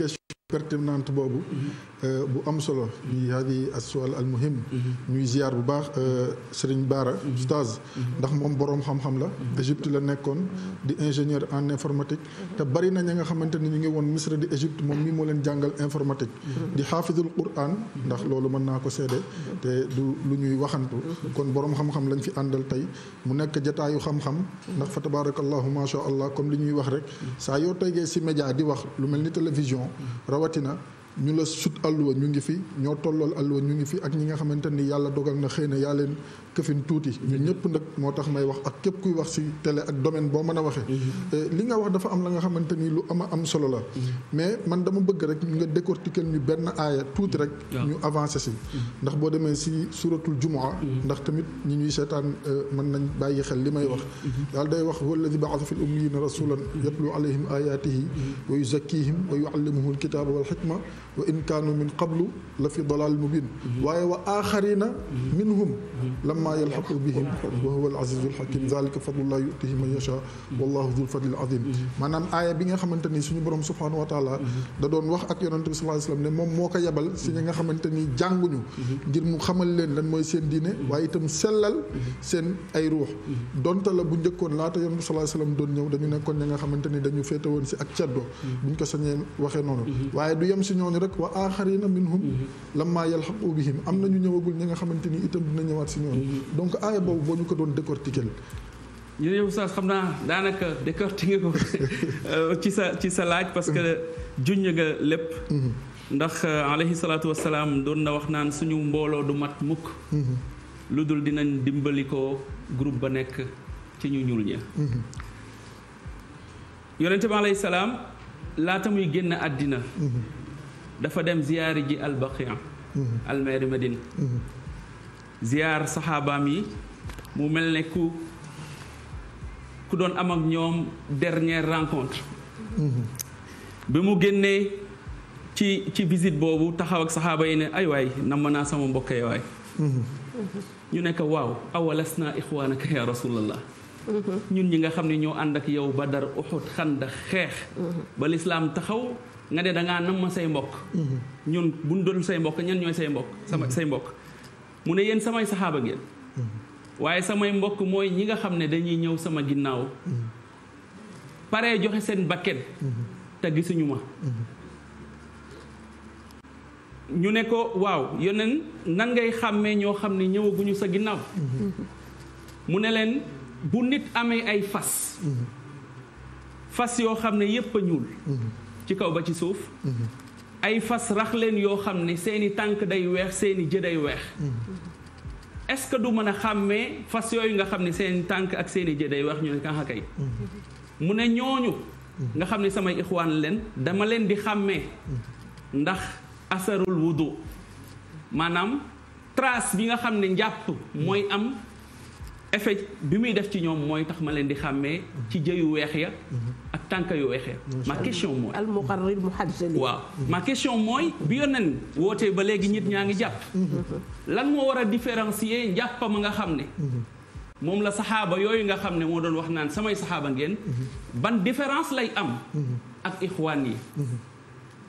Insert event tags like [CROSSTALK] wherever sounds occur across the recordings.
question pertinente boobu euh, bu am solo ñi hadi aswal al muhim mhm. ñuy ziar bu baax euh, Serigne Bara mhm. Oustaz mhm. ndax moom boroom xam-xam la Égypte la nekkoon di ingénieur en informatique te bari na ña nga xamante ni ñu ngi woon Misra di Égypte moom mii moo leen jàngal informatique di xaafidul Qur'an ndax loolu mën naa ko seede te du lu ñuy waxantu kon boroom xam-xam lañ fi àndal tey mu nekk jataayu xam-xam ndax fa tabarakallahu ma sha allah comme li ñuy wax rek saa yoo tegee ci média di wax lu mel ni télévision rawatina ñu la sut àlluwa ñu ngi fi ñoo tollool àlluwa ñu ngi fi ak ñi nga xamante ni yàlla dogal na xëy na yaa leen këfin tuuti ñun mhm. ñëpp nag moo tax may wax ak képp kuy wax ci tele ak domaine boo mën a waxee mhm. euh, li nga wax dafa am la nga xamante ni lu ama am solo la mhm. mais man dama bëgg rek nga décortiquer ñu benn aaya tuuti rek ñu avancé si ndax boo demee ci suratul jumaa ndax tamit ñi ñuy seetaan euh, man nañ bàyyi xel li may wax yàlla day wax walladi baasa fi l ummiyina rasulan yatlu alayhim ayatihi wa yuzakkihim wa yuallimuhum alkitaba wal hikma wa in kaanu min qablu la fi dalal mubin waaye wa axarina minhum lamma yalxaqu bihim wa huwa alazizu alxakim zalika fadlullah yutihi man yasha wallahu dul bi nga xamante ni suñu borom subhanahu wa taala doon wax ak yonante bi sallallahu alayhi wasallam ne moom moo ko yebal si ñi nga xamante ni jànguñu ngir mu xamal leen lan mooy seen diine waaye itam sellal seen ay ruux donte la bu njëkkoon laata yonante bi sallallahu alayhi wasallam doon ñëw dañu nekkoon ñi nga xamante ni dañu féete woon si ak ceddo buñ ko sañee waxe noonu rek wa aaxarina minhum lamma bi bihim am na ñu ñëwagul ñi nga xamante ni itam dina ñëwaat si ñoom donc aaya boobu boo ñu ko doon décortiquer ñu ne oustaz xam naa daanaka décortiquer ko [LAUGHS] ci sa ci sa laaj parce que juññ nga lépp ndax euh, alayhi doon na wax naan suñu mbooloo du mat mukk lu dul dinañ dimbali ko groupe ba nekk ci ñu ñuul ña yonente bi alayhi laata muy génn àddina dafa dem ziyaari ji albaqia mhm. almeeri Medine mhm. ziyaar saxaabaam yi mu mel ni ku ku doon am ak ñoom dernière rencontre mhm. bi mu génnee ci ci visite boobu taxaw ak saxaaba yi ne ay waay namm naa sama mbokkee waay ñu nekk ko waaw awalas naa ixwaanaka ya rasulallah ñun ñi nga xam ne ñoo ànd ak yow ba Badar Uhud Xandaq xeex ba lislaam taxaw nga ne da nam ma say mbokk mm-hmm. ñun buñ dul say mbokk ñan ñoo say mbokk sama mm-hmm. say mbokk mu ne yéen samay saxaaba ngeen mm-hmm. waaye samay mbokk mooy ñi nga xam ne dañuy ñëw sama ginnaaw pare joxe seen bakken gisuñu ma ñu ne ko waaw yoneen nan ngay xàmmee ñoo xam ne ñëwaguñu sa ginnaaw mu ne leen bu nit amee ay fas fas yoo xam ne yépp a ñuul ci kaw ba ci suuf ay fas rax leen yoo xam ne seeni tànk day weex seeni jë day weex est-ce que du mën a xàmmee fas yooyu nga xam ne seeni tànk ak seeni jë day weex ñu ne kaxa kay mu ne ñooñu nga xam ne samay ixwaan leen dama leen di xàmmee ndax asarul wudu maanaam trace bi nga xam ne njàpp mooy am effet bi muy def ci ñoom mooy tax ma leen di xàmmee ci jëyu weex ya ak tànk yu weex ya ma question mooy al muqarrir muhaddali mooy bi yonen wootee ba léegi nit ñaa ngi jàpp lan moo war a différencier njàppa ma nga xam ne moom la saxaaba yooyu nga xam ne moo doon wax naan samay saxaaba ngeen ban différence lay am ak ixwaan yi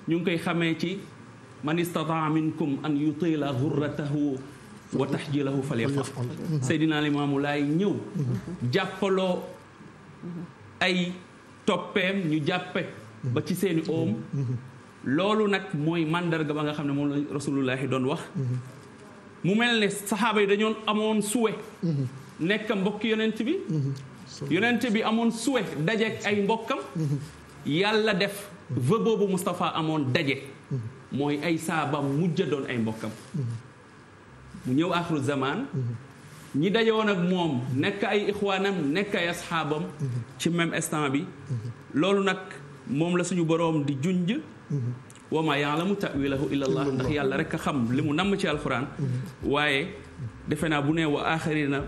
ñu ngi koy xamee ci man istataa minkum an yutila ghurratahu tax wa tahjilahu fal yaf'al Seydina Limaamu Laay ñëw jàppaloo ay toppeem ñu jàppe ba ci seeni oom loolu nag mooy màndarga ba nga xam ne moom la rasulullahi doon wax mu mel ne saxaaba yi dañoon amoon suwe nekk mbokki yonent bi yonent bi amoon suwe dajeek ay mbokkam yàlla def vë boobu Moustapha amoon daje mooy ay saabam mujj doon ay mbokkam mu ñëw axru zaman ñi dajoon ak moom nekk ay ixwaanam nekk ay asxaabam ci même instant bi loolu nag moom la suñu boroom di junj wa la mu tawilahu illa allah ndax yàlla rek a xam li mu namm ci alquran waaye defe naa bu ne wa axarina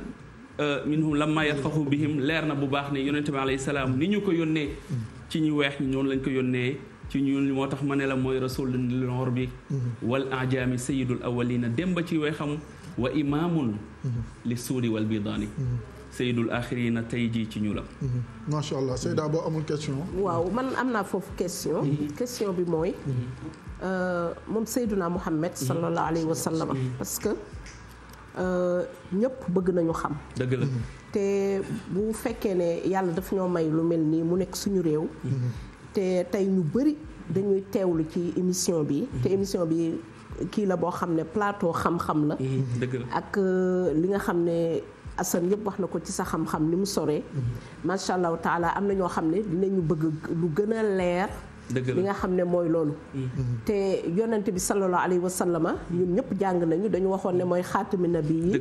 euh, minhum lamma bi bihim leer na bu baax ne yonente bi alayhi salaam ni ñu ko yónnee ci ñu weex ñi noonu lañ ko yónnee ci moo tax ma ne la mooy rasulul urbi mm-hmm. wal ajaami sayidul dem ba ci way xam wa imaamun mm-hmm. li suudi wal bidaani mm-hmm. sayidul axirina tey jii ci ñu la macha allah Seyda waaw man am naa foofu question question bi mooy euh, moom Seyduna Muhammad sallallahu alayhi wa sallam parce que euh, ñëpp bëgg nañu xam dëgg la te bu fekkee ne yàlla daf ñoo may lu mel nii mu nekk suñu réew te tey ñu bëri dañuy teewlu ci émission bi te mhm. émission bi kii la boo xam ne plateau xam-xam la mhm, ak euh, li nga xam ne Assane yëpp wax na ko ci sa xam-xam ni mu soree mhm. macha allah taala am na ñoo xam ne dinañu bëgg lu gën a leer li nga xam ne mooy loolu te yonent bi sallallahu alayhi wa sallama ñun ñëpp jàng nañu dañu waxoon ne mooy xaatami nabi yi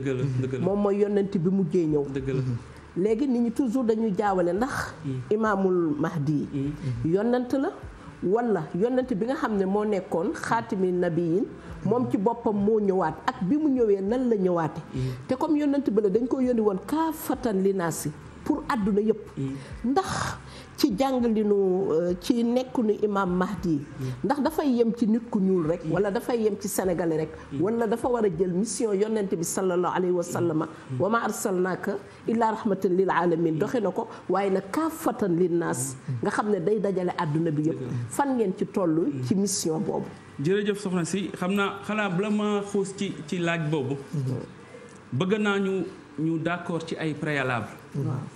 moom mooy yonent bi mujjee ñëw léegi nit ñi toujours dañuy jaawale ndax imaamul mahdi yi yonent la wala yonent bi nga xam ne moo nekkoon xaatimi nabiyin moom ci boppam moo ñëwaat ak bi mu ñëwee nan la ñëwaate te comme yonent bi la dañ ko yónni woon kaafatan li si pour àdduna yëpp ndax ci jàngalinu euh, ci nekkunu imam Mahdi ndax dafay yem ci nit ku ñuul rek wala dafay yem ci sénégalais rek wala dafa war a jël mission yonent bi sallallahu alayhi wa sallama wa ma arsalnaaka illaa rahmatan lil alamin doxe na ko waaye nag kaafatan lin naas nga xam ne day dajale àdduna bi yëpp fan ngeen ci toll ci mission boobu jërëjëf soxna si xam naa xanaa bala ma xuus ci ci laaj boobu bëgg naa ñu ñu d'accord ci ay préalable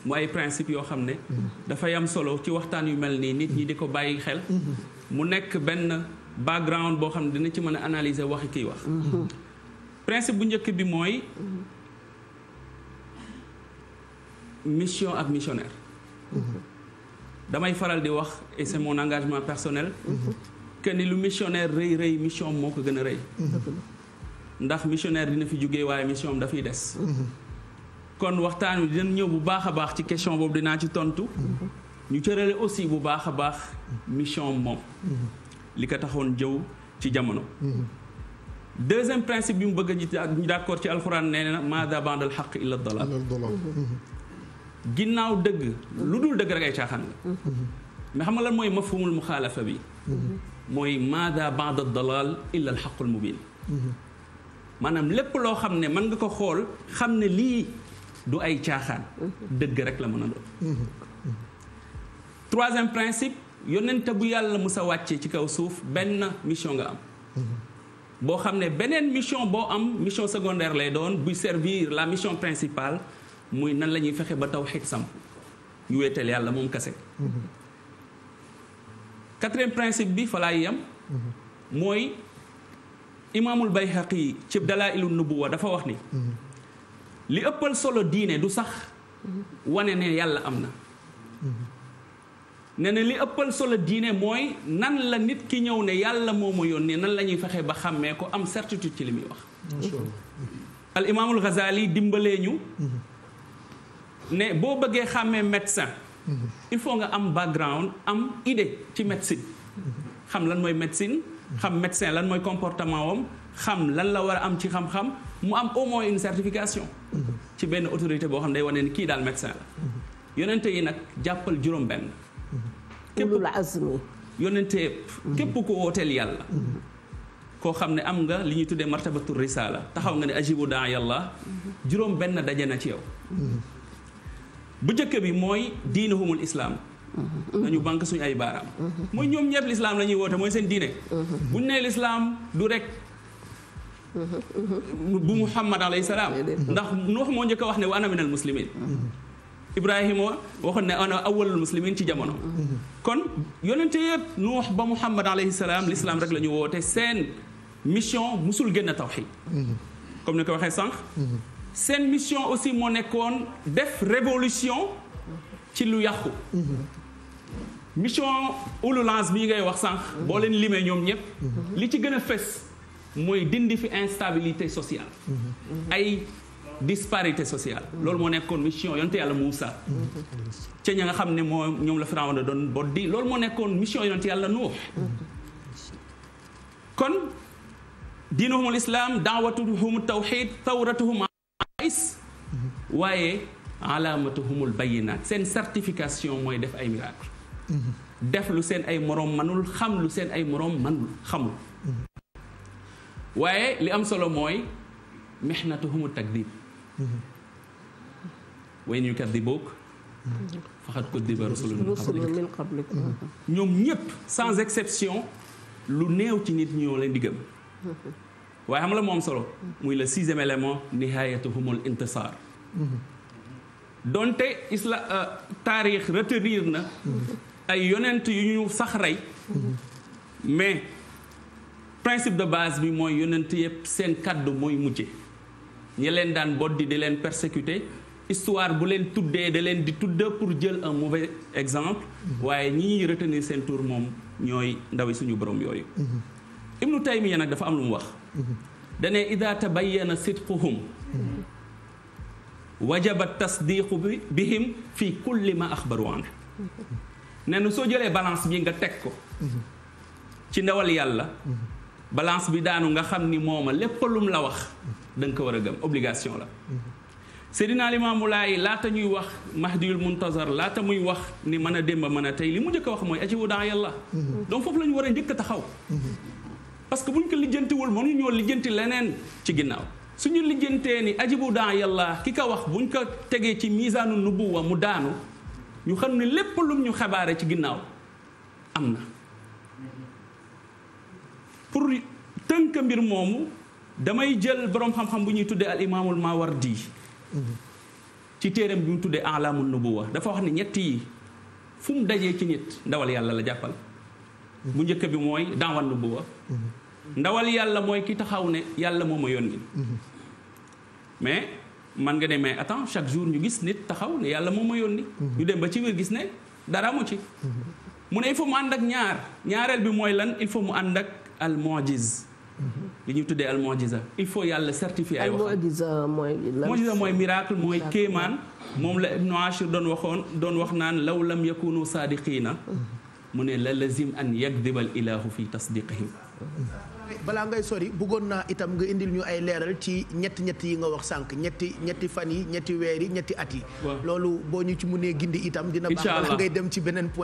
mu ay principe yoo xam ne mm-hmm. dafay am solo ci waxtaan yu mel nii nit ñi di ko bàyyi xel mm-hmm. mu nekk benn background boo xam ne dina ci mën a analyser waxi kiy wax mm-hmm. principe bu njëkk bi mooy mission ak missionnaire damay faral di wax et c'est mon engagement personnel que ni lu missionnaire rëy rëy mission moo ko gën a rëy ndax missionnaire dina fi jógee waaye mission am dafay des kon waxtaan wi dinañ ñëw bu baax a baax ci question boobu dinaa ci tontu. ñu cërale aussi bu baax a baax mission moom. li ko taxoon jëw ci jamono. deuxième principe bi mu bëgg a jiite ak ñu d'accord ci alxuraan nee na maa daa bandal xaq illa dalal. ginnaaw dëgg lu dul dëgg lan mooy mafhumul muxaalafa bi. mooy maa daa bandal dalal illa alxaqul mubin. maanaam lépp loo xam ne mën nga ko xool xam ne lii. du ay caaxaan dëgg rek la mën a doon troisième principe yonente bu yàlla mu sa wàccee ci kaw suuf benn mission nga am boo xam ne beneen mission boo am mission secondaire lay doon buy servir la mission principal muy nan la ñuy fexe ba tawhid samp ñu wéetal yàlla moom kase quatrième principe bi fa laay yem mooy imaamul bayhaqi ci dalaa ilu nubuwa dafa wax ni li ëppal solo diine du sax wane ne yàlla am na ne ne li ëppal solo diine mooy nan la nit ki ñëw ne yàlla moo ma yónnee nan la ñuy fexe ba xàmmee ko am certitude ci li muy wax al imaamul Ghazali dimbalee ñu ne boo bëggee xàmmee médecin mm-hmm. il faut nga am background am idée ci médecine mm-hmm. xam lan mooy médecine xam médecin lan mooy comportement wam xam lan la war a am ci xam-xam mu am au moins une certification mm-hmm. ci benn autorité boo xam ne day wane ni kii daal médecin la mm-hmm. yonente yi nag jàppal juróom benn mm-hmm. képp la asmi yonente yëpp képp ko wooteel yàlla koo xam ne am nga li ñuy tuddee martabatu risala taxaw nga ne ajibu daa yàlla juróom benn daje na ci yow bu njëkk bi mooy diinuhumul islaam nañu banque suñu ay baaraam mooy ñoom ñëpp lislaam la ñuy woote mooy seen diine buñ ne lislaam du rek bu muhammad alayhi salaam ndax nuux moo njëkk a wax ne wa ana minal muslimin ibrahima waxoon ne ana awalul muslimin ci jamono kon yonente nu wax ba muhammad alayhi salaam lislaam rek la ñu woote seen mission musul génn tawxid comme ni ko waxee sànq seen mission aussi moo nekkoon def révolution ci lu yàqu mission ululance bii ngay wax sànq boo leen limee ñoom ñëpp li ci gën a fës mooy dindi fi instabilité sociale mhm. ay disparité sociale mhm. loolu moo nekkoon mission yonte yàlla Moussa mhm. ca ña nga xam ne moo ñoom la Firawna doon bot di loolu moo nekkoon mission yonte yàlla Nuux kon diinuhum lislaam daawatuhum tawxid tawratuhum ais waaye alaamatuhumul bayinaat seen certification mooy def ay miracle def lu seen ay moroom manul xam lu seen ay moroom manul xamul waaye li am solo mooy mexnatuhumu takdib wayn yu kaddibook faxat kuddiba rusulun min qablik ñoom ñëpp sans exception lu néew ci nit ñoo leen di gëm waaye xam la moom solo muy le sixième élément nihayatuhumul intisar donte isla euh, taarix retenir na ay yonent yu ñu sax rey mais principe de base bi mooy yonent yëpp seen kàddu mooy mujje ñi leen daan boddi di leen persécuter histoire bu leen tuddee da leen di tudd pour jël en mauvais exemple waaye ñi ñuy seen tour moom ñooy ndawi suñu boroom yooyu mm-hmm. ibnu taymiya nag dafa am lu mu wax mm-hmm. dane ida tabayyana sidquhum mm-hmm. wajaba bi bihim fi kulli ma axbaru an nee na soo jëlee balance bi nga teg ko ci ndawal yàlla balance bi daanu nga xam ni mooma lépp lum la wax da ko war a gëm obligation la Seydina Limaamu Laay laata ñuy wax Mahdiyul Muntazar laata muy wax ni mën a démb mën a tey li mu njëkk wax mooy ajibu daa yàlla donc foofu la ñu war a njëkk taxaw parce que bu ñu ko lijjantiwul mënu ñoo lijjanti leneen ci ginnaaw suñu lijjantee ni ajibu daa yàlla ki ko wax buñ ko tegee ci miisaanu nubuwa mu daanu ñu xam ne lépp lum ñu xabaare ci ginnaaw am na pour tënk mbir moomu damay jël boroom xam-xam bu ñuy tuddee al imaamul Mawardi ci téereem bi mu tuddee alaamul nubuwa dafa wax ne ñett yi fu mu dajee ci nit ndawal yàlla la jàppal bu njëkk bi mooy daawal nubuwa ndawal yàlla mooy ki taxaw ne yàlla moo ma yónni mais man nga ne mais attends chaque jour ñu gis nit taxaw ne yàlla moo ma yónni ñu dem ba ci biir gis ne dara mu ci mu ne il faut mu ànd ak ñaar ñaareel bi mooy lan il faut mu ànd ak al mu'jiz mhm. li ñuy tuddee al mu'jiza il faut yàlla certifier ay waxam mu'jiza mooy miracle mooy kéemaan moom la Ibnu Ashir doon waxoon doon wax naan law lam yakunu saadiqiina mhm. mu ne la lazim an yakdibal ilaahu fi tasdiqihim balaa ngay sori bëggoon naa itam nga indil ñu ay leeral ci ñett ñetti yi nga wax sànq ñetti ñetti fan yi ñetti weer yi ñetti at yi loolu boo ñu ci mënee gindi itam dina baax ngay dem ci beneen point